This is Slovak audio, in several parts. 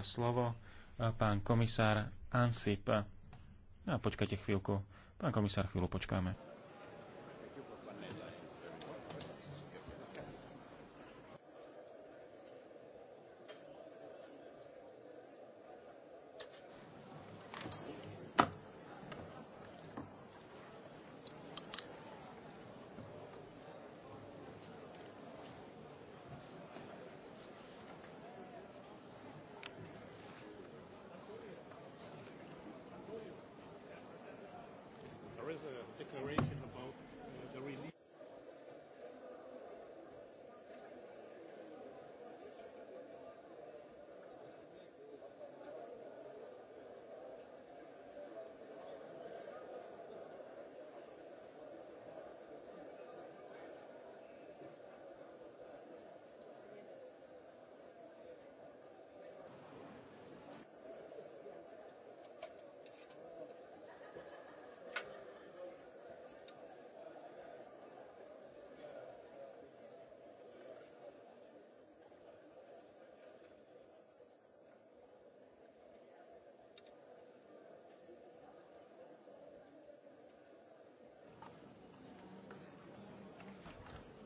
slovo e, pán komisár Ansip. No, počkajte chvíľku. Pán komisár, chvíľu počkáme.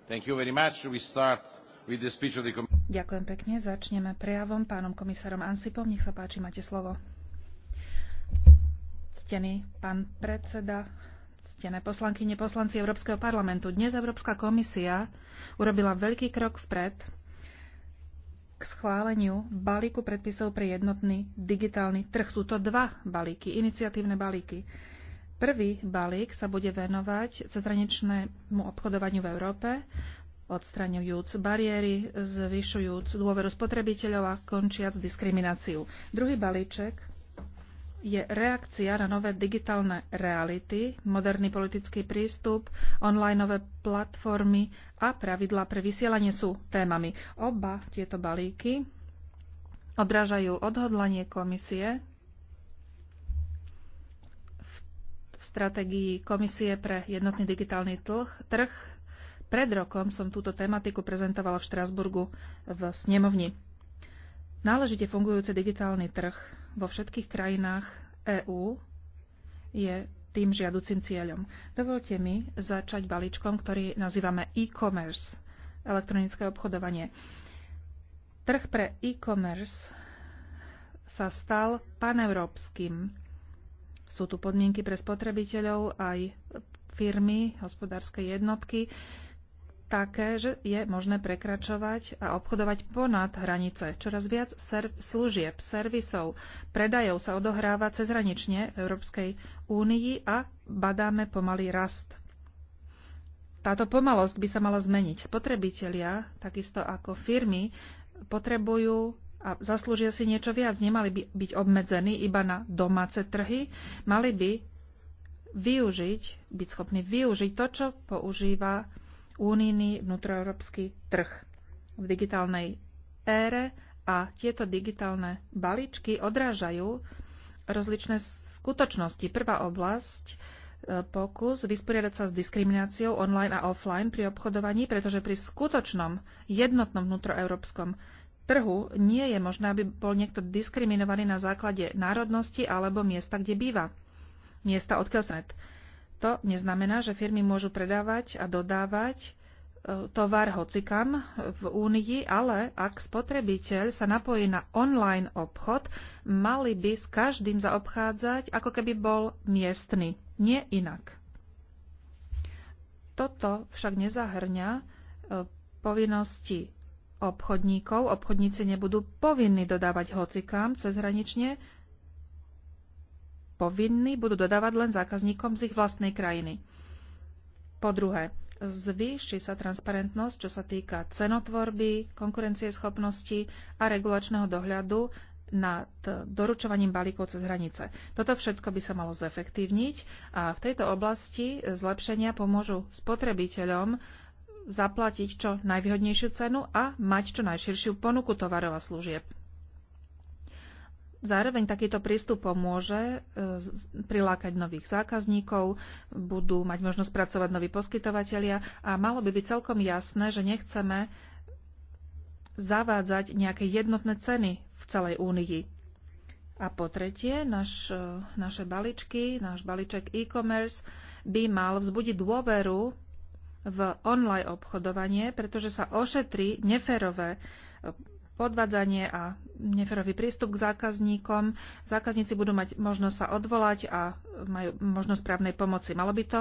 Ďakujem pekne. Začneme prejavom pánom komisárom Ansipom. Nech sa páči, máte slovo. Ctený pán predseda, ctené poslanky, neposlanci Európskeho parlamentu. Dnes Európska komisia urobila veľký krok vpred k schváleniu balíku predpisov pre jednotný digitálny trh. Sú to dva balíky, iniciatívne balíky. Prvý balík sa bude venovať cezhraničnému obchodovaniu v Európe, odstraňujúc bariéry, zvyšujúc dôveru spotrebiteľov a končiac diskrimináciu. Druhý balíček je reakcia na nové digitálne reality, moderný politický prístup, onlineové platformy a pravidla pre vysielanie sú témami. Oba tieto balíky odrážajú odhodlanie komisie v stratégii Komisie pre jednotný digitálny trh. Pred rokom som túto tematiku prezentovala v Štrasburgu v snemovni. Náležite fungujúci digitálny trh vo všetkých krajinách EÚ je tým žiaducim cieľom. Dovolte mi začať balíčkom, ktorý nazývame e-commerce, elektronické obchodovanie. Trh pre e-commerce sa stal paneurópskym sú tu podmienky pre spotrebiteľov aj firmy, hospodárske jednotky, také, že je možné prekračovať a obchodovať ponad hranice. Čoraz viac serv- služieb, servisov, predajov sa odohráva cezhranične v Európskej únii a badáme pomalý rast. Táto pomalosť by sa mala zmeniť. Spotrebitelia, takisto ako firmy, potrebujú a zaslúžia si niečo viac. Nemali by byť obmedzení iba na domáce trhy, mali by využiť, byť schopní využiť to, čo používa únijný vnútroeurópsky trh v digitálnej ére a tieto digitálne balíčky odrážajú rozličné skutočnosti. Prvá oblasť e, pokus vysporiadať sa s diskrimináciou online a offline pri obchodovaní, pretože pri skutočnom jednotnom vnútroeurópskom trhu nie je možné, aby bol niekto diskriminovaný na základe národnosti alebo miesta, kde býva. Miesta, odkiaľ sa To neznamená, že firmy môžu predávať a dodávať e, tovar hocikam v Únii, ale ak spotrebiteľ sa napojí na online obchod, mali by s každým zaobchádzať, ako keby bol miestny, nie inak. Toto však nezahrňa e, povinnosti obchodníkov. Obchodníci nebudú povinní dodávať hocikám cezhranične, povinní budú dodávať len zákazníkom z ich vlastnej krajiny. Po druhé, zvýši sa transparentnosť, čo sa týka cenotvorby, konkurencieschopnosti a regulačného dohľadu nad doručovaním balíkov cez hranice. Toto všetko by sa malo zefektívniť a v tejto oblasti zlepšenia pomôžu spotrebiteľom zaplatiť čo najvýhodnejšiu cenu a mať čo najširšiu ponuku tovarov a služieb. Zároveň takýto prístup pomôže e, prilákať nových zákazníkov, budú mať možnosť pracovať noví poskytovateľia a malo by byť celkom jasné, že nechceme zavádzať nejaké jednotné ceny v celej únii. A po tretie, naš, e, naše balíčky, náš balíček e-commerce by mal vzbudiť dôveru v online obchodovanie, pretože sa ošetrí neférové e, podvádzanie a neferový prístup k zákazníkom. Zákazníci budú mať možnosť sa odvolať a majú možnosť právnej pomoci. Malo by to,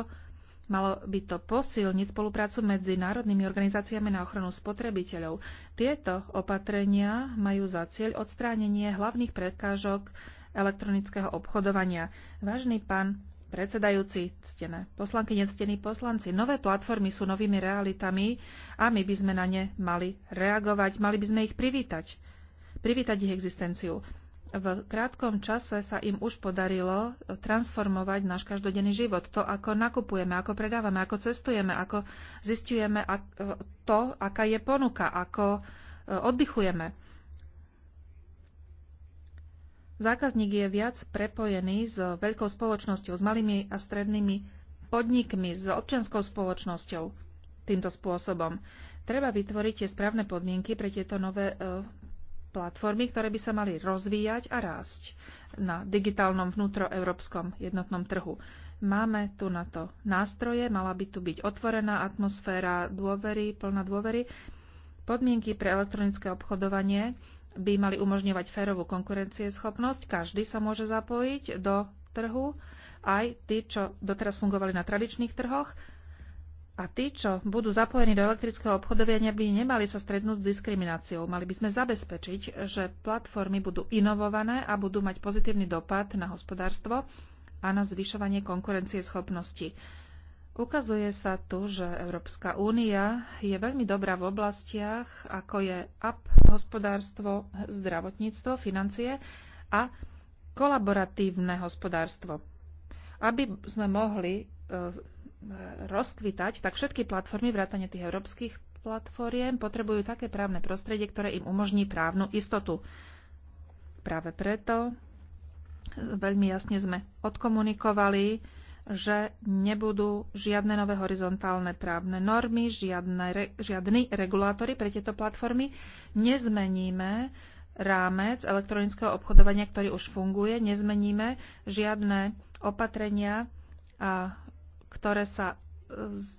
malo by to posilniť spoluprácu medzi národnými organizáciami na ochranu spotrebiteľov. Tieto opatrenia majú za cieľ odstránenie hlavných prekážok elektronického obchodovania. Vážny pán predsedajúci, ctené poslanky, nectení poslanci. Nové platformy sú novými realitami a my by sme na ne mali reagovať, mali by sme ich privítať, privítať ich existenciu. V krátkom čase sa im už podarilo transformovať náš každodenný život. To, ako nakupujeme, ako predávame, ako cestujeme, ako zistujeme e, to, aká je ponuka, ako e, oddychujeme. Zákazník je viac prepojený s veľkou spoločnosťou, s malými a strednými podnikmi, s občianskou spoločnosťou týmto spôsobom. Treba vytvoriť tie správne podmienky pre tieto nové e, platformy, ktoré by sa mali rozvíjať a rásť na digitálnom vnútroeurópskom jednotnom trhu. Máme tu na to nástroje, mala by tu byť otvorená atmosféra dôvery, plná dôvery, podmienky pre elektronické obchodovanie by mali umožňovať férovú konkurencieschopnosť. Každý sa môže zapojiť do trhu, aj tí, čo doteraz fungovali na tradičných trhoch. A tí, čo budú zapojení do elektrického obchodovania, by nemali sa strednúť s diskrimináciou. Mali by sme zabezpečiť, že platformy budú inovované a budú mať pozitívny dopad na hospodárstvo a na zvyšovanie konkurencieschopnosti. schopnosti Ukazuje sa tu, že Európska únia je veľmi dobrá v oblastiach, ako je app, hospodárstvo, zdravotníctvo, financie a kolaboratívne hospodárstvo. Aby sme mohli e, rozkvitať, tak všetky platformy, vrátane tých európskych platformiem, potrebujú také právne prostredie, ktoré im umožní právnu istotu. Práve preto veľmi jasne sme odkomunikovali že nebudú žiadne nové horizontálne právne normy, žiadne, žiadny regulátory pre tieto platformy. Nezmeníme rámec elektronického obchodovania, ktorý už funguje, nezmeníme žiadne opatrenia, a, ktoré sa z,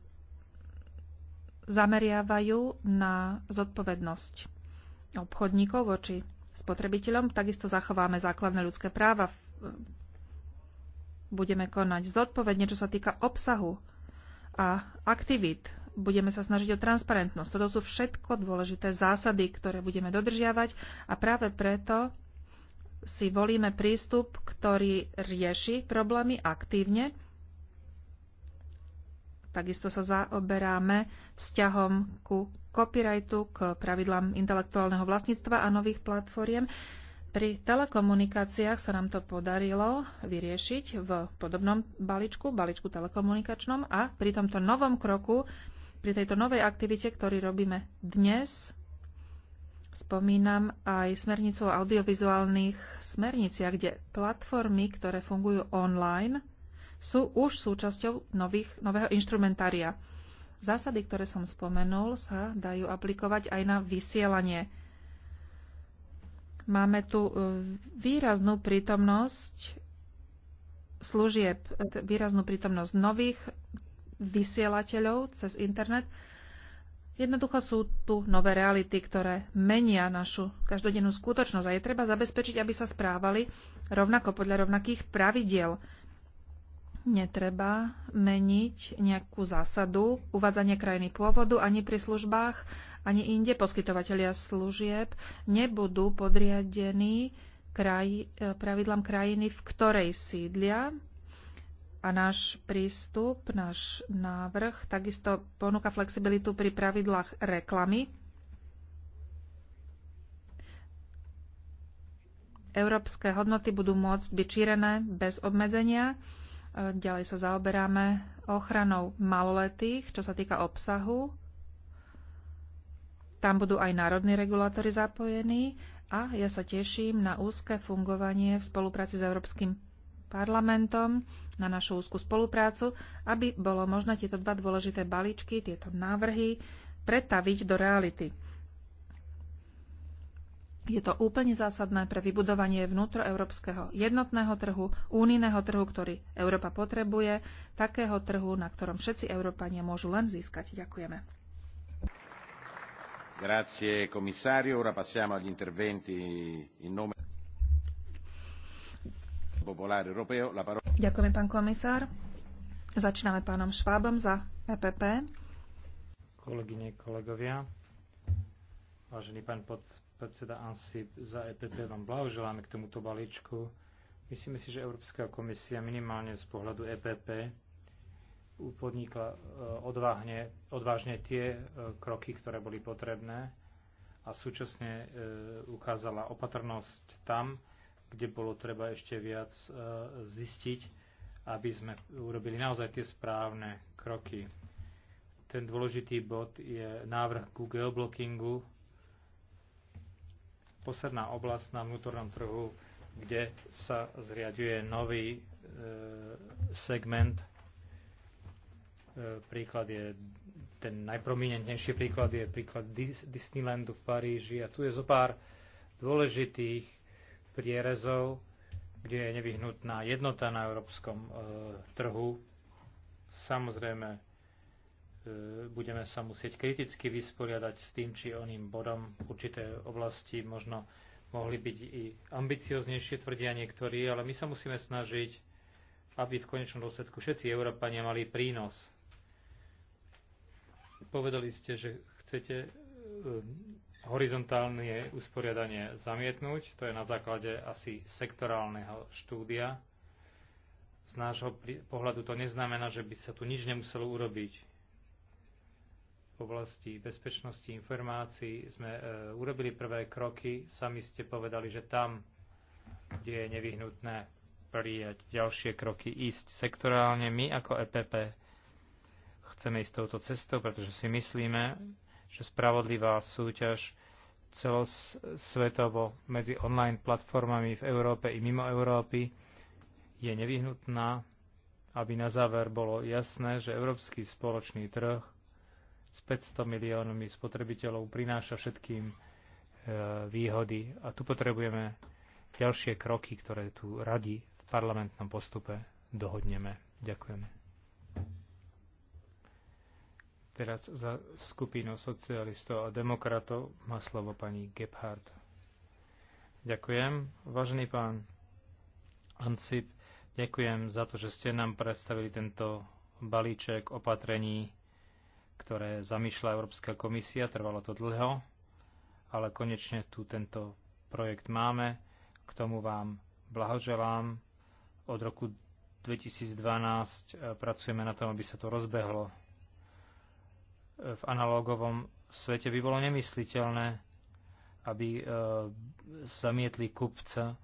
zameriavajú na zodpovednosť obchodníkov voči spotrebiteľom. Takisto zachováme základné ľudské práva budeme konať zodpovedne, čo sa týka obsahu a aktivít. Budeme sa snažiť o transparentnosť. Toto sú všetko dôležité zásady, ktoré budeme dodržiavať a práve preto si volíme prístup, ktorý rieši problémy aktívne. Takisto sa zaoberáme vzťahom ku copyrightu, k pravidlám intelektuálneho vlastníctva a nových platformiem. Pri telekomunikáciách sa nám to podarilo vyriešiť v podobnom balíčku, balíčku telekomunikačnom a pri tomto novom kroku, pri tejto novej aktivite, ktorý robíme dnes, spomínam aj smernicu o audiovizuálnych smerniciach, kde platformy, ktoré fungujú online, sú už súčasťou nových, nového inštrumentária. Zásady, ktoré som spomenul, sa dajú aplikovať aj na vysielanie Máme tu e, výraznú prítomnosť služieb, e, výraznú prítomnosť nových vysielateľov cez internet. Jednoducho sú tu nové reality, ktoré menia našu každodennú skutočnosť a je treba zabezpečiť, aby sa správali rovnako podľa rovnakých pravidiel netreba meniť nejakú zásadu uvádzanie krajiny pôvodu ani pri službách, ani inde poskytovateľia služieb nebudú podriadení kraj, e, pravidlám krajiny, v ktorej sídlia. A náš prístup, náš návrh takisto ponúka flexibilitu pri pravidlách reklamy. Európske hodnoty budú môcť byť šírené bez obmedzenia Ďalej sa zaoberáme ochranou maloletých, čo sa týka obsahu. Tam budú aj národní regulátory zapojení a ja sa teším na úzke fungovanie v spolupráci s Európskym parlamentom, na našu úzku spoluprácu, aby bolo možné tieto dva dôležité balíčky, tieto návrhy pretaviť do reality. Je to úplne zásadné pre vybudovanie vnútroeurópskeho jednotného trhu, únijného trhu, ktorý Európa potrebuje, takého trhu, na ktorom všetci Európania môžu len získať. Ďakujeme. Grazie, komisario. Ora passiamo agli interventi in nome popolare europeo. La parola... Ďakujeme, pán komisár. Začíname pánom Švábom za EPP. Kolegyne, kolegovia, vážený pán pod, predseda ANSIP za EPP vám blahoželáme k tomuto balíčku. Myslíme si, že Európska komisia minimálne z pohľadu EPP podnikla e, odvážne, odvážne tie e, kroky, ktoré boli potrebné a súčasne e, ukázala opatrnosť tam, kde bolo treba ešte viac zistiť, aby sme urobili naozaj tie správne kroky. Ten dôležitý bod je návrh ku geoblockingu, posledná oblasť na vnútornom trhu, kde sa zriaduje nový e, segment. E, príklad je, ten najprominentnejší príklad je príklad Disneylandu v Paríži a tu je zo pár dôležitých prierezov, kde je nevyhnutná jednota na európskom e, trhu. Samozrejme, E, budeme sa musieť kriticky vysporiadať s tým či oným bodom. Určité oblasti možno mohli byť i ambicioznejšie, tvrdia niektorí, ale my sa musíme snažiť, aby v konečnom dôsledku všetci Európania mali prínos. Povedali ste, že chcete e, horizontálne usporiadanie zamietnúť. To je na základe asi sektorálneho štúdia. Z nášho pohľadu to neznamená, že by sa tu nič nemuselo urobiť v oblasti bezpečnosti informácií sme e, urobili prvé kroky. Sami ste povedali, že tam, kde je nevyhnutné prijať ďalšie kroky, ísť sektorálne. My ako EPP chceme ísť touto cestou, pretože si myslíme, že spravodlivá súťaž celosvetovo medzi online platformami v Európe i mimo Európy je nevyhnutná, aby na záver bolo jasné, že európsky spoločný trh s 500 miliónmi spotrebiteľov prináša všetkým e, výhody a tu potrebujeme ďalšie kroky, ktoré tu radi v parlamentnom postupe dohodneme. Ďakujeme. Teraz za skupinu socialistov a demokratov má slovo pani Gebhardt. Ďakujem. Vážený pán Ancip, ďakujem za to, že ste nám predstavili tento balíček opatrení ktoré zamýšľa Európska komisia. Trvalo to dlho, ale konečne tu tento projekt máme. K tomu vám blahoželám. Od roku 2012 e, pracujeme na tom, aby sa to rozbehlo. E, v analógovom svete by bolo nemysliteľné, aby e, zamietli kupca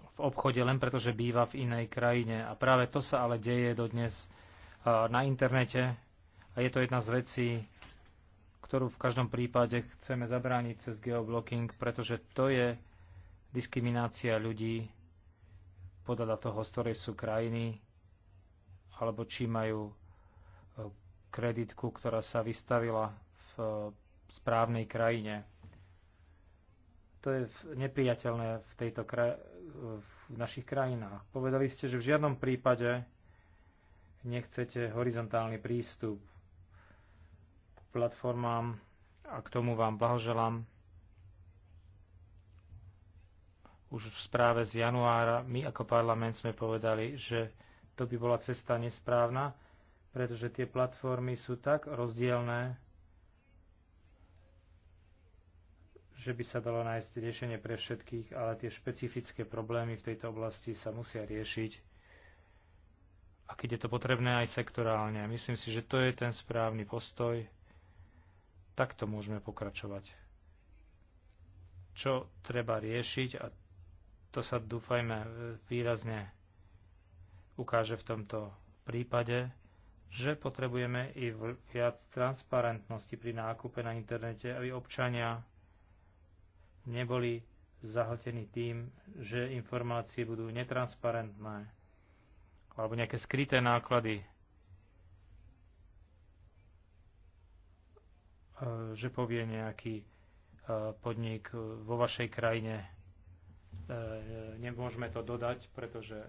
v obchode len preto, že býva v inej krajine. A práve to sa ale deje dodnes na internete a je to jedna z vecí, ktorú v každom prípade chceme zabrániť cez geoblocking, pretože to je diskriminácia ľudí podľa toho, z ktorej sú krajiny, alebo či majú e, kreditku, ktorá sa vystavila v e, správnej krajine. To je nepriateľné v, tejto kra- v našich krajinách. Povedali ste, že v žiadnom prípade nechcete horizontálny prístup platformám a k tomu vám blahoželám. Už v správe z januára my ako parlament sme povedali, že to by bola cesta nesprávna, pretože tie platformy sú tak rozdielne, že by sa dalo nájsť riešenie pre všetkých, ale tie špecifické problémy v tejto oblasti sa musia riešiť a keď je to potrebné aj sektorálne. Myslím si, že to je ten správny postoj. Takto môžeme pokračovať. Čo treba riešiť a to sa dúfajme výrazne ukáže v tomto prípade, že potrebujeme i viac transparentnosti pri nákupe na internete, aby občania neboli zahltení tým, že informácie budú netransparentné alebo nejaké skryté náklady E, že povie nejaký e, podnik vo vašej krajine, e, nemôžeme to dodať, pretože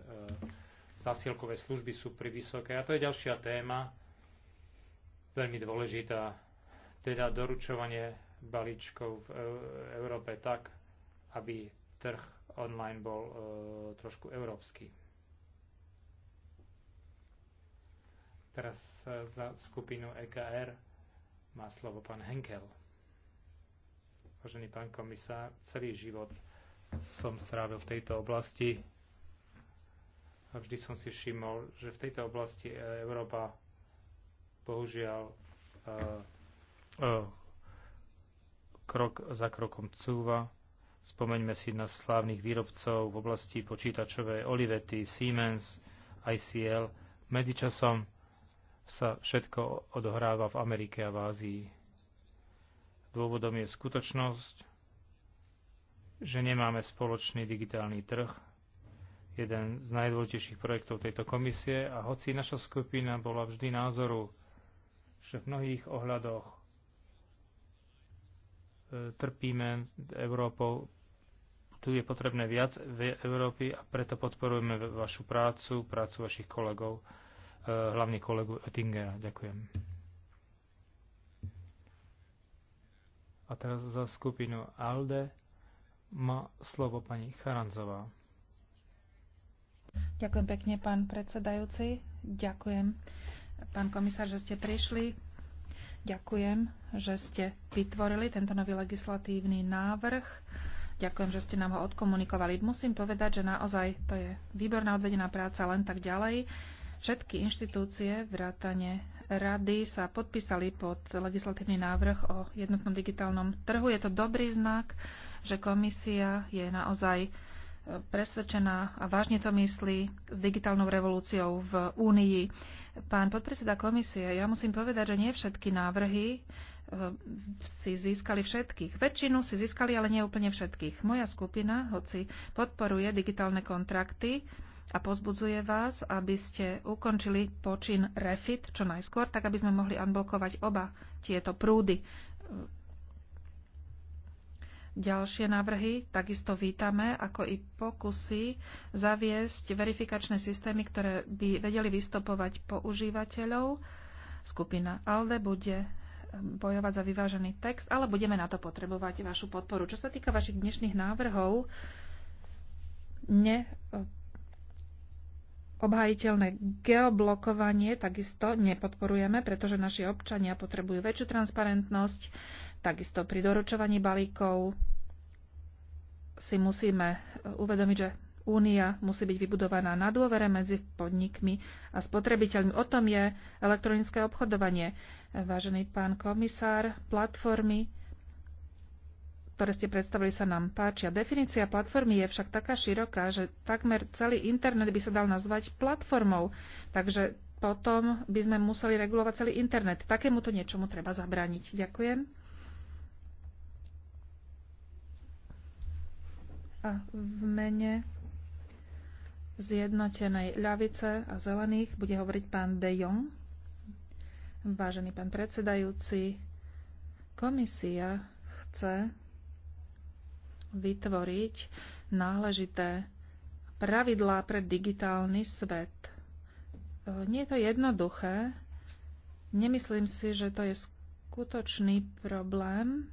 zásielkové služby sú pri vysoké. A to je ďalšia téma, veľmi dôležitá, teda doručovanie balíčkov v Európe tak, aby trh online bol trošku európsky. Teraz za skupinu EKR má slovo pán Henkel. Vážený pán komisár, celý život som strávil v tejto oblasti a vždy som si všimol, že v tejto oblasti e- Európa bohužiaľ uh, uh, krok za krokom cúva. Spomeňme si na slávnych výrobcov v oblasti počítačovej Olivetti, Siemens, ICL. Medzičasom sa všetko odohráva v Amerike a v Ázii. Dôvodom je skutočnosť, že nemáme spoločný digitálny trh, jeden z najdôležitejších projektov tejto komisie a hoci naša skupina bola vždy názoru, že v mnohých ohľadoch e, trpíme Európou, tu je potrebné viac Európy a preto podporujeme vašu prácu, prácu vašich kolegov Eh, hlavne kolegu Oettingera. Ďakujem. A teraz za skupinu ALDE má slovo pani Charanzová. Ďakujem pekne, pán predsedajúci. Ďakujem, pán komisár, že ste prišli. Ďakujem, že ste vytvorili tento nový legislatívny návrh. Ďakujem, že ste nám ho odkomunikovali. Musím povedať, že naozaj to je výborná odvedená práca, len tak ďalej. Všetky inštitúcie vrátane rady sa podpísali pod legislatívny návrh o jednotnom digitálnom trhu. Je to dobrý znak, že komisia je naozaj e, presvedčená a vážne to myslí s digitálnou revolúciou v Únii. Pán podpredseda komisie, ja musím povedať, že nie všetky návrhy e, si získali všetkých. Väčšinu si získali, ale nie úplne všetkých. Moja skupina, hoci podporuje digitálne kontrakty, a pozbudzuje vás, aby ste ukončili počin refit čo najskôr, tak aby sme mohli unblokovať oba tieto prúdy. Ďalšie návrhy takisto vítame, ako i pokusy zaviesť verifikačné systémy, ktoré by vedeli vystopovať používateľov. Skupina ALDE bude um, bojovať za vyvážený text, ale budeme na to potrebovať vašu podporu. Čo sa týka vašich dnešných návrhov, ne Obhajiteľné geoblokovanie takisto nepodporujeme, pretože naši občania potrebujú väčšiu transparentnosť, takisto pri doručovaní balíkov si musíme e, uvedomiť, že Únia musí byť vybudovaná na dôvere medzi podnikmi a spotrebiteľmi. O tom je elektronické obchodovanie. E, vážený pán komisár, platformy ktoré ste predstavili, sa nám páčia. Definícia platformy je však taká široká, že takmer celý internet by sa dal nazvať platformou, takže potom by sme museli regulovať celý internet. Takémuto niečomu treba zabrániť. Ďakujem. A v mene zjednotenej ľavice a zelených bude hovoriť pán De Jong. Vážený pán predsedajúci, komisia chce vytvoriť náležité pravidlá pre digitálny svet. E, nie je to jednoduché. Nemyslím si, že to je skutočný problém.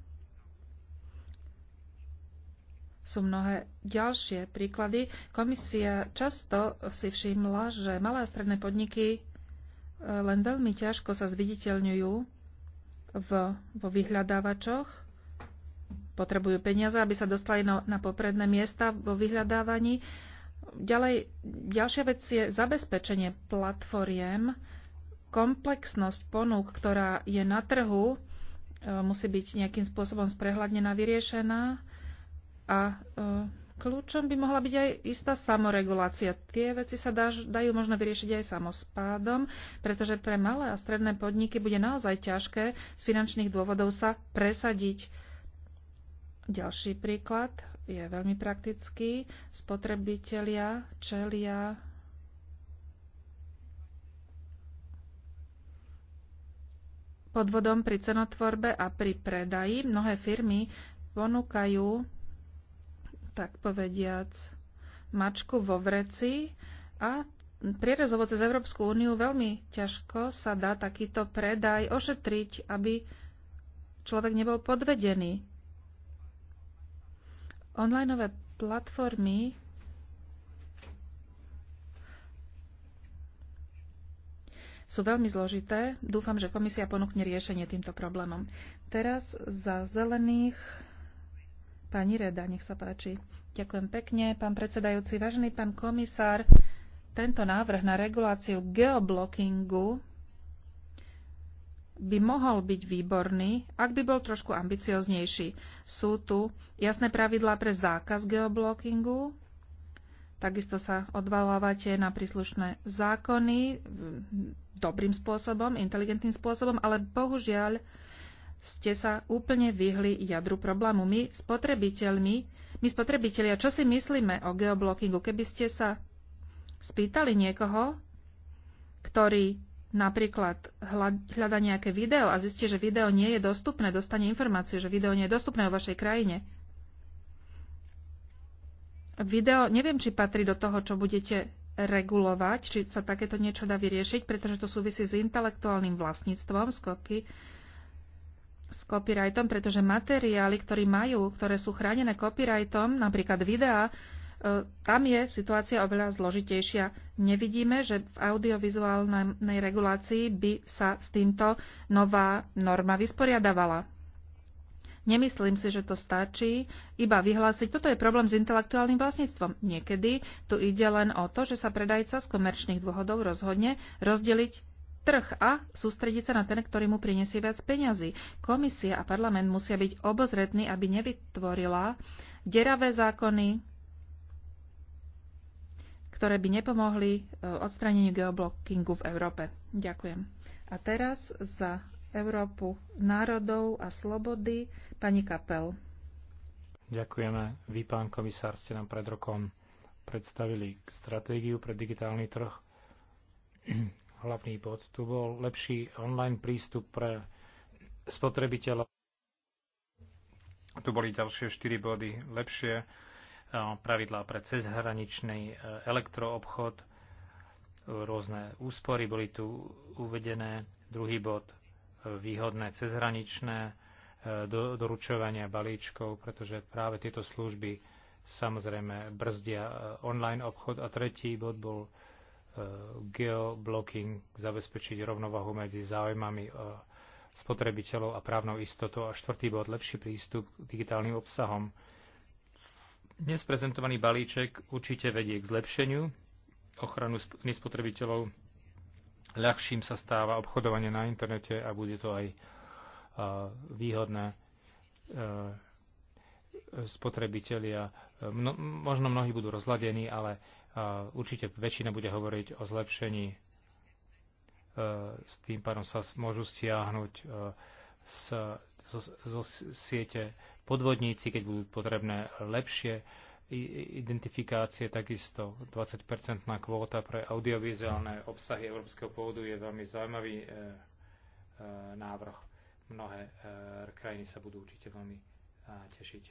Sú mnohé ďalšie príklady. Komisia často si všimla, že malé a stredné podniky e, len veľmi ťažko sa zviditeľňujú v, vo vyhľadávačoch potrebujú peniaze, aby sa dostali na, na popredné miesta vo vyhľadávaní. Ďalej, ďalšia vec je zabezpečenie platformiem. Komplexnosť ponúk, ktorá je na trhu, e, musí byť nejakým spôsobom sprehľadnená, vyriešená a e, kľúčom by mohla byť aj istá samoregulácia. Tie veci sa dá, dajú možno vyriešiť aj samospádom, pretože pre malé a stredné podniky bude naozaj ťažké z finančných dôvodov sa presadiť ďalší príklad je veľmi praktický. Spotrebitelia čelia podvodom pri cenotvorbe a pri predaji. Mnohé firmy ponúkajú, tak povediac, mačku vo vreci a prierezovo cez Európsku úniu veľmi ťažko sa dá takýto predaj ošetriť, aby človek nebol podvedený Onlineové platformy sú veľmi zložité. Dúfam, že komisia ponúkne riešenie týmto problémom. Teraz za zelených pani Reda, nech sa páči. Ďakujem pekne, pán predsedajúci. Vážený pán komisár, tento návrh na reguláciu geoblockingu by mohol byť výborný, ak by bol trošku ambicioznejší. Sú tu jasné pravidlá pre zákaz geoblockingu, takisto sa odvalávate na príslušné zákony mm, dobrým spôsobom, inteligentným spôsobom, ale bohužiaľ ste sa úplne vyhli jadru problému. My spotrebiteľmi, my spotrebitelia, čo si myslíme o geoblockingu? Keby ste sa spýtali niekoho, ktorý napríklad hľada nejaké video a zistí, že video nie je dostupné, dostane informáciu, že video nie je dostupné vo vašej krajine. Video, neviem, či patrí do toho, čo budete regulovať, či sa takéto niečo dá vyriešiť, pretože to súvisí s intelektuálnym vlastníctvom, s, copy, s copyrightom, pretože materiály, ktoré majú, ktoré sú chránené copyrightom, napríklad videá, tam je situácia oveľa zložitejšia. Nevidíme, že v audiovizuálnej regulácii by sa s týmto nová norma vysporiadavala. Nemyslím si, že to stačí iba vyhlásiť, toto je problém s intelektuálnym vlastníctvom. Niekedy tu ide len o to, že sa predajca z komerčných dôvodov rozhodne rozdeliť trh a sústrediť sa na ten, ktorý mu prinesie viac peňazí. Komisia a parlament musia byť obozretní, aby nevytvorila deravé zákony, ktoré by nepomohli e, odstraneniu geoblockingu v Európe. Ďakujem. A teraz za Európu národov a slobody pani Kapel. Ďakujeme. Vy, pán komisár, ste nám pred rokom predstavili stratégiu pre digitálny trh. Hlavný bod tu bol lepší online prístup pre spotrebiteľa. Tu boli ďalšie 4 body. Lepšie pravidlá pre cezhraničný e, elektroobchod, rôzne úspory boli tu uvedené. Druhý bod, e, výhodné cezhraničné e, do, doručovania balíčkov, pretože práve tieto služby samozrejme brzdia online obchod. A tretí bod bol geoblocking, zabezpečiť rovnovahu medzi záujmami spotrebiteľov a právnou istotou. A štvrtý bod, lepší prístup k digitálnym obsahom dnes prezentovaný balíček určite vedie k zlepšeniu ochranu nespotrebiteľov. Ľahším sa stáva obchodovanie na internete a bude to aj výhodné e, spotrebitelia. možno mnohí budú rozladení, ale e, určite väčšina bude hovoriť o zlepšení. E, s tým pádom sa môžu stiahnuť z, z, z, z siete podvodníci, keď budú potrebné lepšie identifikácie, takisto 20-percentná kvóta pre audiovizuálne obsahy európskeho pôvodu je veľmi zaujímavý e, e, návrh. Mnohé e, krajiny sa budú určite veľmi e, tešiť.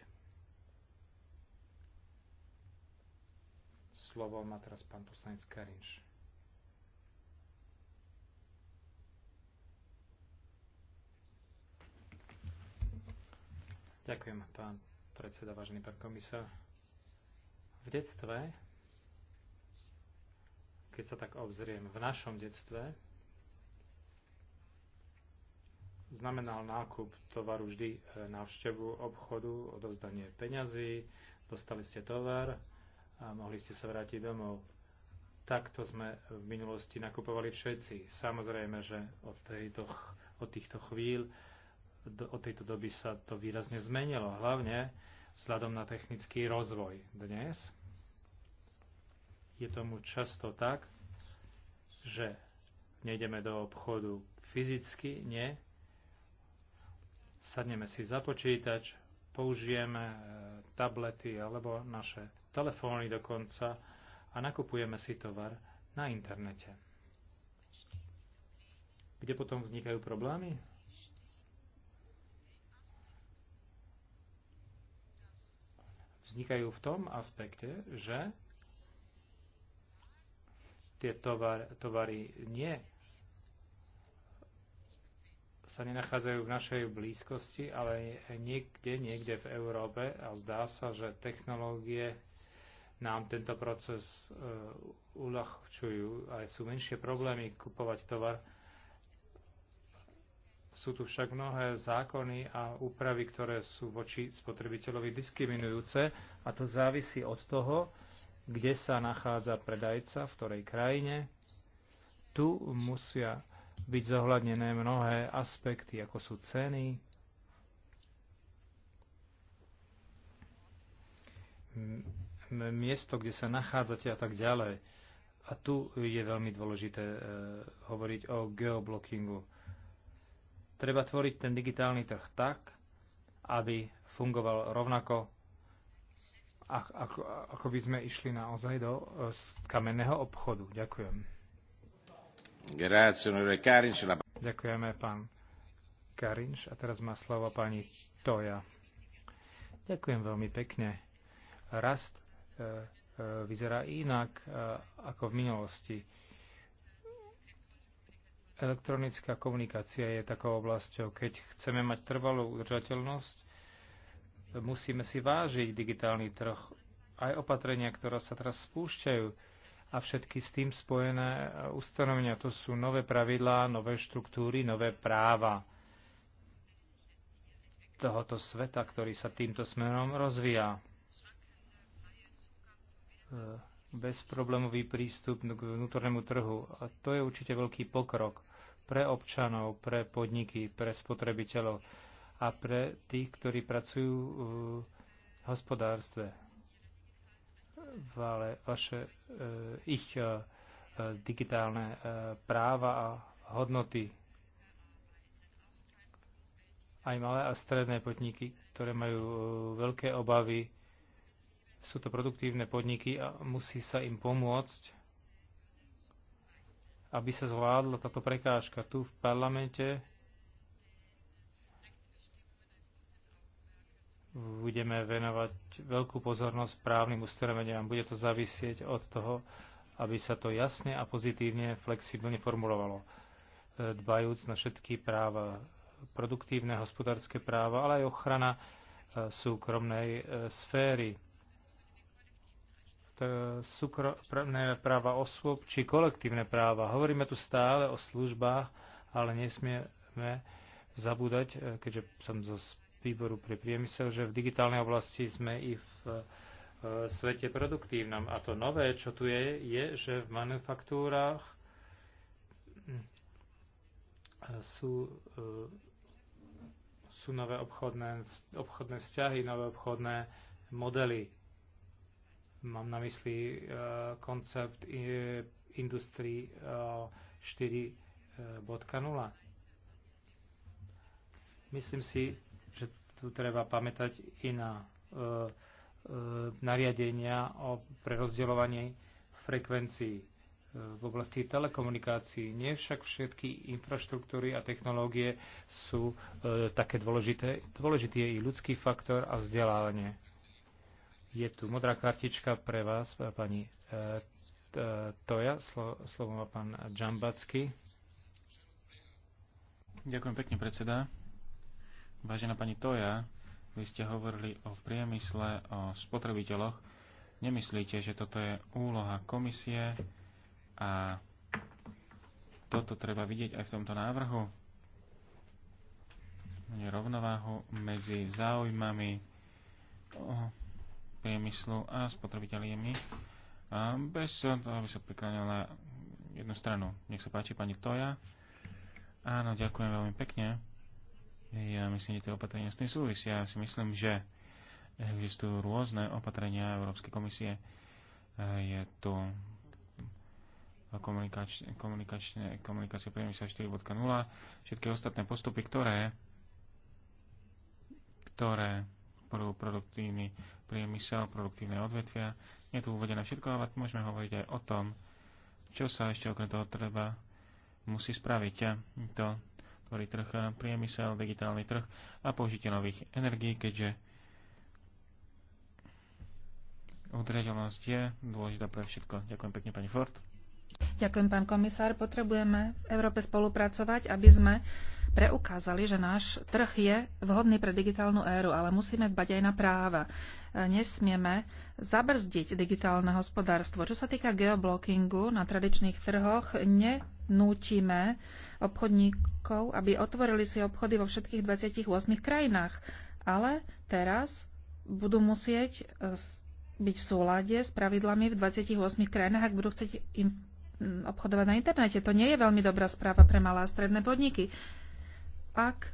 Slovo má teraz pán poslanec Karinš. Ďakujem, pán predseda, vážený pán komisár. V detstve, keď sa tak obzriem, v našom detstve znamenal nákup tovaru vždy e, návštevu obchodu, odovzdanie peňazí, dostali ste tovar a mohli ste sa vrátiť domov. Takto sme v minulosti nakupovali všetci. Samozrejme, že od, tejto, od týchto chvíľ od tejto doby sa to výrazne zmenilo, hlavne vzhľadom na technický rozvoj. Dnes je tomu často tak, že nejdeme do obchodu fyzicky, nie. Sadneme si za počítač, použijeme e, tablety alebo naše telefóny dokonca a nakupujeme si tovar na internete. Kde potom vznikajú problémy? vznikajú v tom aspekte, že tie tovar, tovary nie sa nenachádzajú v našej blízkosti, ale niekde, niekde v Európe a zdá sa, že technológie nám tento proces uh, uľahčujú a sú menšie problémy kupovať tovar sú tu však mnohé zákony a úpravy, ktoré sú voči spotrebiteľovi diskriminujúce a to závisí od toho, kde sa nachádza predajca, v ktorej krajine. Tu musia byť zohľadnené mnohé aspekty, ako sú ceny, miesto, kde sa nachádzate a tak ďalej. A tu je veľmi dôležité e, hovoriť o geoblockingu Treba tvoriť ten digitálny trh tak, aby fungoval rovnako, ako, ako by sme išli naozaj do e, kamenného obchodu. Ďakujem. Ďakujeme, pán Karinš. A teraz má slovo pani Toja. Ďakujem veľmi pekne. Rast e, e, vyzerá inak e, ako v minulosti Elektronická komunikácia je takou oblasťou. Keď chceme mať trvalú udržateľnosť, musíme si vážiť digitálny trh, aj opatrenia, ktoré sa teraz spúšťajú a všetky s tým spojené ustanovenia. To sú nové pravidlá, nové štruktúry, nové práva tohoto sveta, ktorý sa týmto smerom rozvíja bezproblémový prístup k vnútornému trhu. A to je určite veľký pokrok pre občanov, pre podniky, pre spotrebiteľov a pre tých, ktorí pracujú v hospodárstve. Ale vaše, e, ich e, digitálne e, práva a hodnoty aj malé a stredné podniky, ktoré majú veľké obavy sú to produktívne podniky a musí sa im pomôcť, aby sa zvládla táto prekážka. Tu v parlamente budeme venovať veľkú pozornosť právnym ustanoveniam. Bude to zavisieť od toho, aby sa to jasne a pozitívne, flexibilne formulovalo, dbajúc na všetky práva, produktívne hospodárske práva, ale aj ochrana e, súkromnej e, sféry. E, súkromné práva osôb či kolektívne práva. Hovoríme tu stále o službách, ale nesmieme zabúdať, e, keďže som zo výboru pre priemysel, že v digitálnej oblasti sme i v e, svete produktívnom. A to nové, čo tu je, je, že v manufaktúrach hm, sú, sú nové obchodné, obchodné vzťahy, nové obchodné modely Mám na mysli e, koncept e, Industrii 4.0. E, Myslím si, že tu treba pamätať i na nariadenia o prerozdeľovaní frekvencií v oblasti telekomunikácií. Nie však všetky infraštruktúry a technológie sú e, také dôležité. Dôležitý je i ľudský faktor a vzdelávanie. Je tu modrá kartička pre vás, eh, pani eh, eh, Toja. Slovo, má pán Džambacký. Ďakujem pekne, predseda. Vážená pani Toja, vy ste hovorili o priemysle, o spotrebiteľoch. Nemyslíte, že toto je úloha komisie a toto treba vidieť aj v tomto návrhu? Rovnováhu medzi záujmami priemyslu a spotrebiteľmi a bez toho, aby sa prikláňal na jednu stranu. Nech sa páči, pani Toja. Áno, ďakujem veľmi pekne. Ja myslím, že tie opatrenia s tým súvisia. Ja si myslím, že existujú rôzne opatrenia Európskej komisie. Je tu komunikačne, komunikácia priemysla 4.0, všetky ostatné postupy, ktoré, ktoré produktívny priemysel, produktívne odvetvia. Je tu uvedené všetko, ale môžeme hovoriť aj o tom, čo sa ešte okrem toho treba musí spraviť. To tvorí trh priemysel, digitálny trh a použitie nových energií, keďže udržateľnosť je dôležitá pre všetko. Ďakujem pekne, pani Ford. Ďakujem, pán komisár. Potrebujeme v Európe spolupracovať, aby sme preukázali, že náš trh je vhodný pre digitálnu éru, ale musíme dbať aj na práva. Nesmieme zabrzdiť digitálne hospodárstvo. Čo sa týka geoblockingu na tradičných trhoch, nenútime obchodníkov, aby otvorili si obchody vo všetkých 28 krajinách. Ale teraz budú musieť eh, byť v súlade s pravidlami v 28 krajinách, ak budú chcieť im obchodovať na internete. To nie je veľmi dobrá správa pre malé a stredné podniky. Ak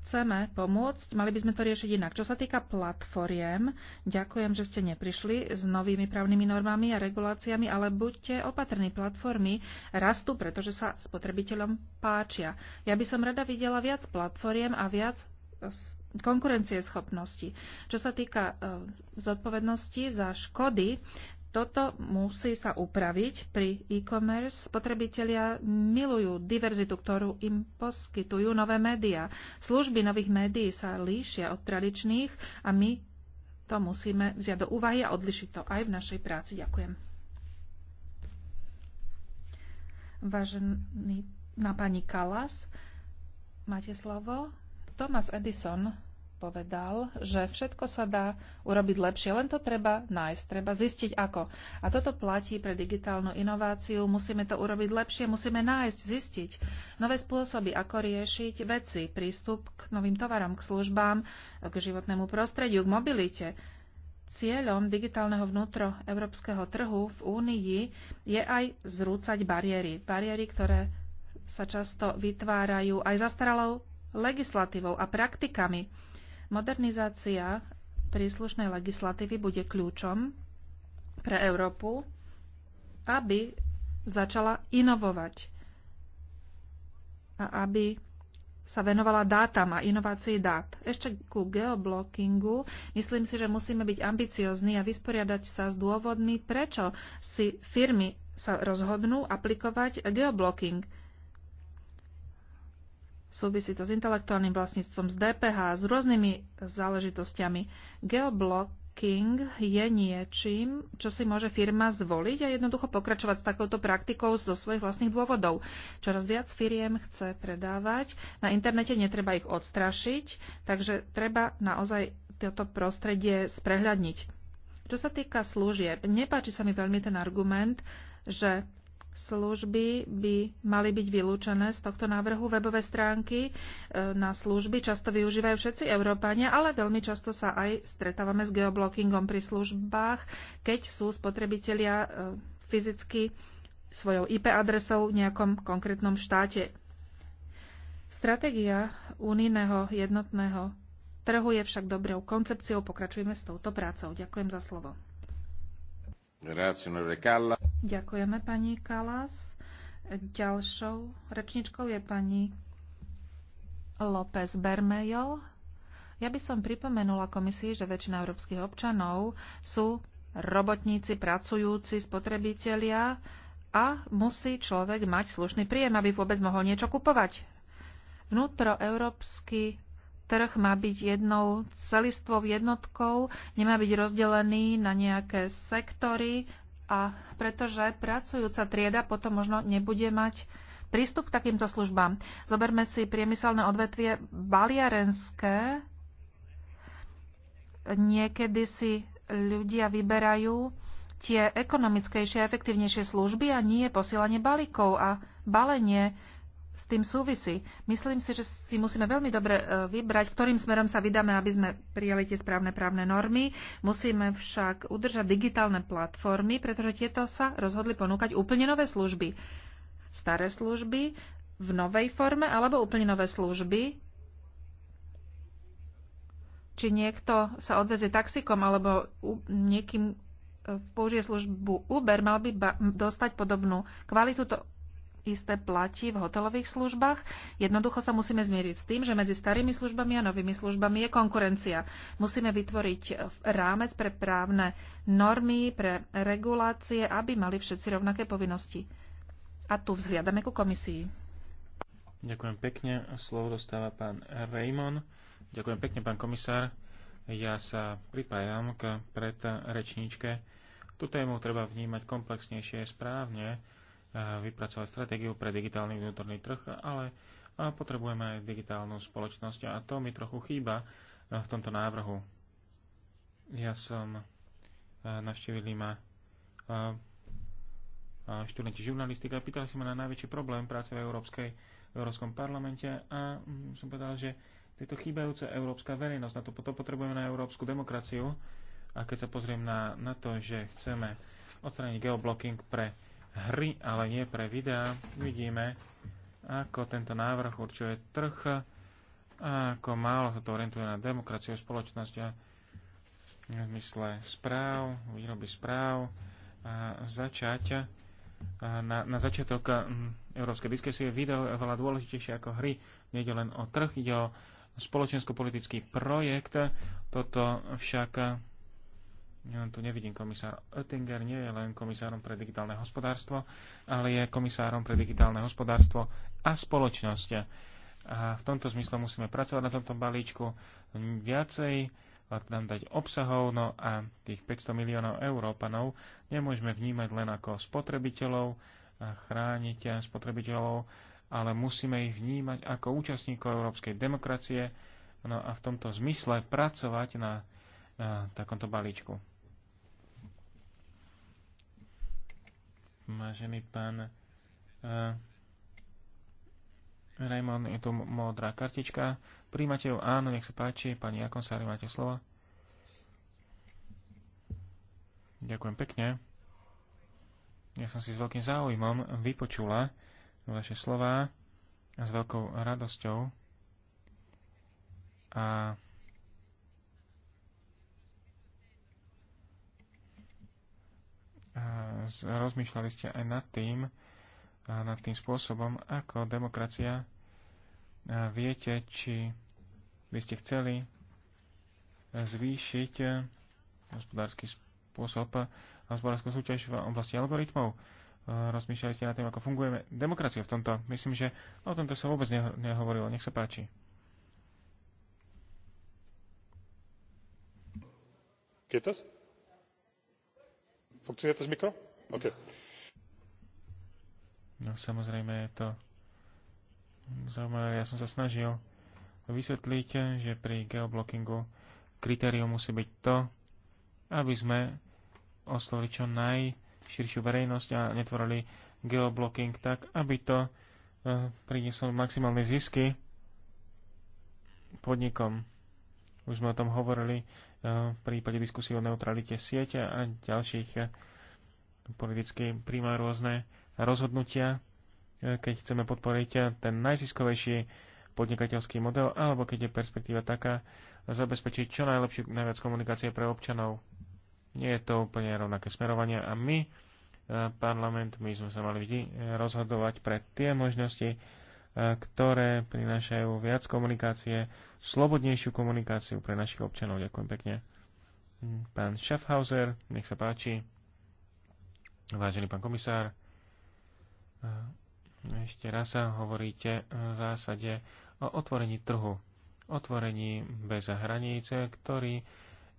chceme pomôcť, mali by sme to riešiť inak. Čo sa týka platformiem, ďakujem, že ste neprišli s novými právnymi normami a reguláciami, ale buďte opatrní. Platformy rastú, pretože sa spotrebiteľom páčia. Ja by som rada videla viac platformiem a viac schopnosti. Čo sa týka e, zodpovednosti za škody, toto musí sa upraviť pri e-commerce. Spotrebitelia milujú diverzitu, ktorú im poskytujú nové médiá. Služby nových médií sa líšia od tradičných a my to musíme vziať do úvahy a odlišiť to aj v našej práci. Ďakujem. Vážený na pani Kalas, máte slovo. Thomas Edison povedal, že všetko sa dá urobiť lepšie, len to treba nájsť, treba zistiť ako. A toto platí pre digitálnu inováciu, musíme to urobiť lepšie, musíme nájsť, zistiť nové spôsoby, ako riešiť veci, prístup k novým tovarom, k službám, k životnému prostrediu, k mobilite. Cieľom digitálneho európskeho trhu v Únii je aj zrúcať bariéry. Bariéry, ktoré sa často vytvárajú aj zastaralou legislatívou a praktikami. Modernizácia príslušnej legislatívy bude kľúčom pre Európu, aby začala inovovať a aby sa venovala dátam a inovácii dát. Ešte ku geoblockingu myslím si, že musíme byť ambiciozní a vysporiadať sa s dôvodmi, prečo si firmy sa rozhodnú aplikovať geoblocking Súvisí to s intelektuálnym vlastníctvom, s DPH, s rôznymi záležitostiami. Geoblocking je niečím, čo si môže firma zvoliť a jednoducho pokračovať s takouto praktikou zo svojich vlastných dôvodov. Čoraz viac firiem chce predávať. Na internete netreba ich odstrašiť, takže treba naozaj toto prostredie sprehľadniť. Čo sa týka služieb, nepáči sa mi veľmi ten argument, že služby by mali byť vylúčené z tohto návrhu. Webové stránky e, na služby často využívajú všetci Európania, ale veľmi často sa aj stretávame s geoblockingom pri službách, keď sú spotrebitelia e, fyzicky svojou IP adresou v nejakom konkrétnom štáte. Stratégia unijného jednotného trhu je však dobrou koncepciou. Pokračujeme s touto prácou. Ďakujem za slovo. Grazie, Ďakujeme pani Kalas. Ďalšou rečničkou je pani López Bermejo. Ja by som pripomenula komisii, že väčšina európskych občanov sú robotníci, pracujúci, spotrebitelia a musí človek mať slušný príjem, aby vôbec mohol niečo kupovať. Vnútroeurópsky trh má byť jednou celistvou jednotkou, nemá byť rozdelený na nejaké sektory, a pretože pracujúca trieda potom možno nebude mať prístup k takýmto službám. Zoberme si priemyselné odvetvie baliarenské. Niekedy si ľudia vyberajú tie ekonomickejšie a efektívnejšie služby a nie posielanie balíkov a balenie s tým súvisí. Myslím si, že si musíme veľmi dobre e, vybrať, ktorým smerom sa vydáme, aby sme prijali tie správne právne normy. Musíme však udržať digitálne platformy, pretože tieto sa rozhodli ponúkať úplne nové služby. Staré služby v novej forme alebo úplne nové služby. Či niekto sa odvezie taxikom alebo niekým e, použije službu Uber, mal by dostať podobnú kvalitu. To isté platí v hotelových službách. Jednoducho sa musíme zmieriť s tým, že medzi starými službami a novými službami je konkurencia. Musíme vytvoriť rámec pre právne normy, pre regulácie, aby mali všetci rovnaké povinnosti. A tu vzhliadame ku komisii. Ďakujem pekne. Slovo dostáva pán Raymond. Ďakujem pekne, pán komisár. Ja sa pripájam k predrečníčke. Tú tému treba vnímať komplexnejšie správne Eh, vypracovať stratégiu pre digitálny vnútorný trh, ale potrebujeme aj digitálnu spoločnosť a to mi trochu chýba eh, v tomto návrhu. Ja som eh, navštívil ma študenti žurnalistiky a pýtali sa ma na najväčší problém práce v, Európskej, v Európskom parlamente a mm, som povedal, že tieto chýbajúca európska verejnosť, na to, to potrebujeme na európsku demokraciu a keď sa pozriem na, na to, že chceme odstrániť geoblocking pre hry, ale nie pre videá. Vidíme, ako tento návrh určuje trh a ako málo sa to orientuje na demokraciu, spoločnosť a v zmysle správ, výroby správ a začať na, na začiatok mm, európskej diskusie video je veľa dôležitejšie ako hry. Nejde len o trh, ide o spoločensko-politický projekt. Toto však ja tu nevidím komisár Oettinger, nie je len komisárom pre digitálne hospodárstvo, ale je komisárom pre digitálne hospodárstvo a spoločnosť. A v tomto zmysle musíme pracovať na tomto balíčku viacej, tam dať obsahov, no a tých 500 miliónov Európanov nemôžeme vnímať len ako spotrebiteľov, a chrániť spotrebiteľov, ale musíme ich vnímať ako účastníkov európskej demokracie, no a v tomto zmysle pracovať na, na takomto balíčku. Vážený pán uh, Raymond, je tu modrá kartička. Príjmate ju? Áno, nech sa páči. Pani Jakonsári, máte slovo. Ďakujem pekne. Ja som si s veľkým záujmom vypočula vaše slova a s veľkou radosťou a rozmýšľali ste aj nad tým, nad tým spôsobom, ako demokracia viete, či by ste chceli zvýšiť e, hospodársky spôsob a e, hospodárskú súťaž v oblasti algoritmov. E, rozmýšľali ste nad tým, ako fungujeme demokracia v tomto. Myslím, že o tomto sa vôbec nehovorilo. Nech sa páči. Geht das? Funktioniert das Mikro? Okay. No samozrejme je to zaujímavé. Ja som sa snažil vysvetliť, že pri geoblockingu kritérium musí byť to, aby sme oslovili čo najširšiu verejnosť a netvorili geoblocking tak, aby to eh, prinieslo maximálne zisky podnikom. Už sme o tom hovorili eh, v prípade diskusie o neutralite siete a ďalších eh, politicky príjma rôzne rozhodnutia, e, keď chceme podporiť e, ten najziskovejší podnikateľský model, alebo keď je perspektíva taká, zabezpečiť čo najlepšie, najviac komunikácie pre občanov. Nie je to úplne rovnaké smerovanie a my, e, parlament, my sme sa mali vždy rozhodovať pre tie možnosti, ktoré prinášajú viac komunikácie, slobodnejšiu komunikáciu pre našich občanov. Ďakujem pekne. Pán Schaffhauser, nech sa páči. Vážený pán komisár, e, ešte raz sa hovoríte e, v zásade o otvorení trhu, otvorení bez hranice, ktorý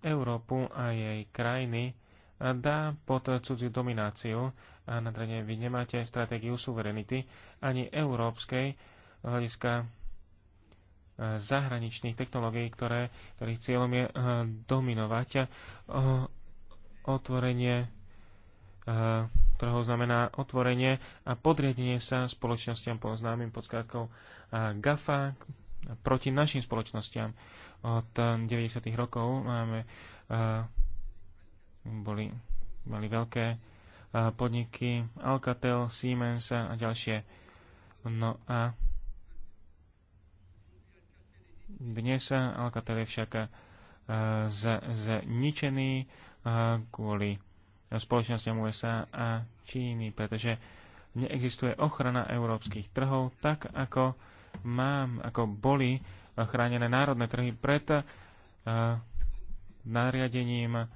Európu a jej krajiny e, dá pod cudziu domináciu a na trene vy nemáte stratégiu suverenity ani európskej hľadiska zahraničných technológií, ktoré, ktorých cieľom je dominovať otvorenie ktorého znamená otvorenie a podriadenie sa spoločnostiam pod známym pod GAFA proti našim spoločnostiam. Od 90. E, rokov máme, e, boli, mali veľké e, podniky Alcatel, Siemens a ďalšie. No a dnes Alcatel je však zničený kvôli spoločnosťom USA a Číny, pretože neexistuje ochrana európskych trhov tak, ako mám, ako boli chránené národné trhy pred uh, nariadením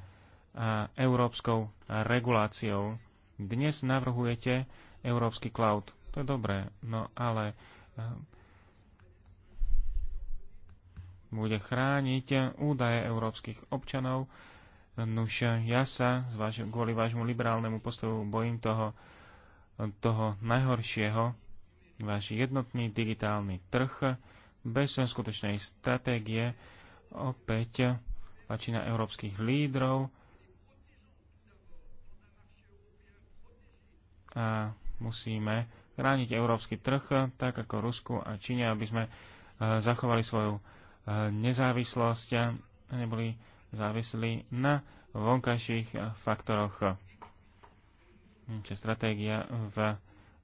a európskou reguláciou. Dnes navrhujete európsky cloud. To je dobré, no ale uh, bude chrániť údaje európskych občanov Nuž ja sa váš, kvôli vášmu liberálnemu postoju bojím toho, toho najhoršieho, váš jednotný digitálny trh bez skutočnej stratégie opäť páči na európskych lídrov a musíme chrániť európsky trh tak ako Rusku a Číne, aby sme eh, zachovali svoju eh, nezávislosť a neboli závislí na vonkajších faktoroch. Čiže stratégia v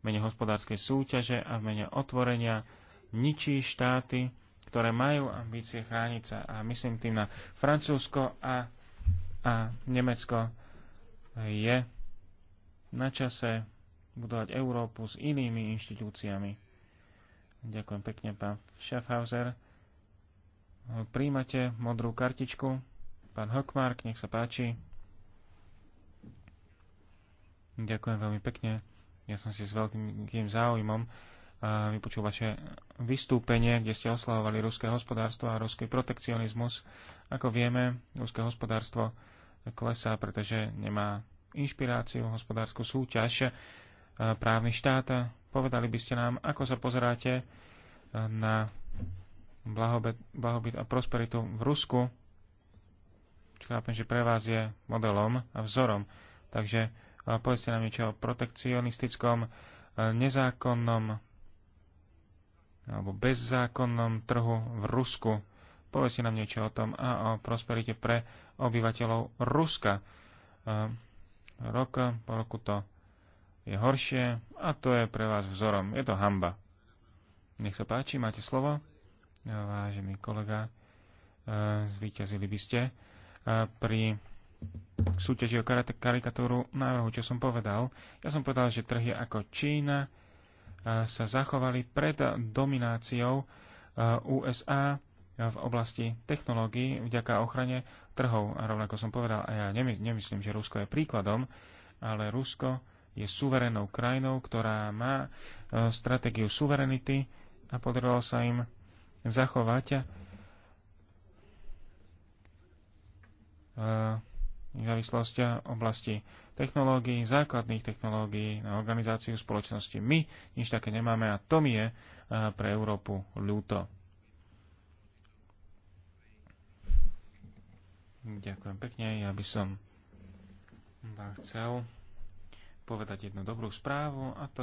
mene hospodárskej súťaže a v mene otvorenia ničí štáty, ktoré majú ambície chrániť sa. A myslím tým na Francúzsko a, a Nemecko je na čase budovať Európu s inými inštitúciami. Ďakujem pekne, pán Schaffhauser. Príjmate modrú kartičku. Pán Hokmark, nech sa páči. Ďakujem veľmi pekne. Ja som si s veľkým záujmom vypočul vaše vystúpenie, kde ste oslavovali ruské hospodárstvo a ruský protekcionizmus. Ako vieme, ruské hospodárstvo klesá, pretože nemá inšpiráciu, hospodárskú súťaž, právny štát. Povedali by ste nám, ako sa pozeráte na blahobyt, blahobyt a prosperitu v Rusku čo chápem, že pre vás je modelom a vzorom. Takže e, povedzte nám niečo o protekcionistickom, e, nezákonnom alebo bezzákonnom trhu v Rusku. Povedzte nám niečo o tom a o prosperite pre obyvateľov Ruska. E, rok po roku to je horšie a to je pre vás vzorom. Je to hamba. Nech sa páči, máte slovo. Vážený kolega, zvíťazili by ste pri súťaži o karikatúru návrhu, čo som povedal. Ja som povedal, že trhy ako Čína sa zachovali pred domináciou USA v oblasti technológií vďaka ochrane trhov. A rovnako som povedal, a ja nemyslím, že Rusko je príkladom, ale Rusko je suverénnou krajinou, ktorá má stratégiu suverenity a podarilo sa im zachovať nezávislosť oblasti technológií, základných technológií na organizáciu spoločnosti. My nič také nemáme a to mi je pre Európu ľúto. Ďakujem pekne. Ja by som vám chcel povedať jednu dobrú správu a to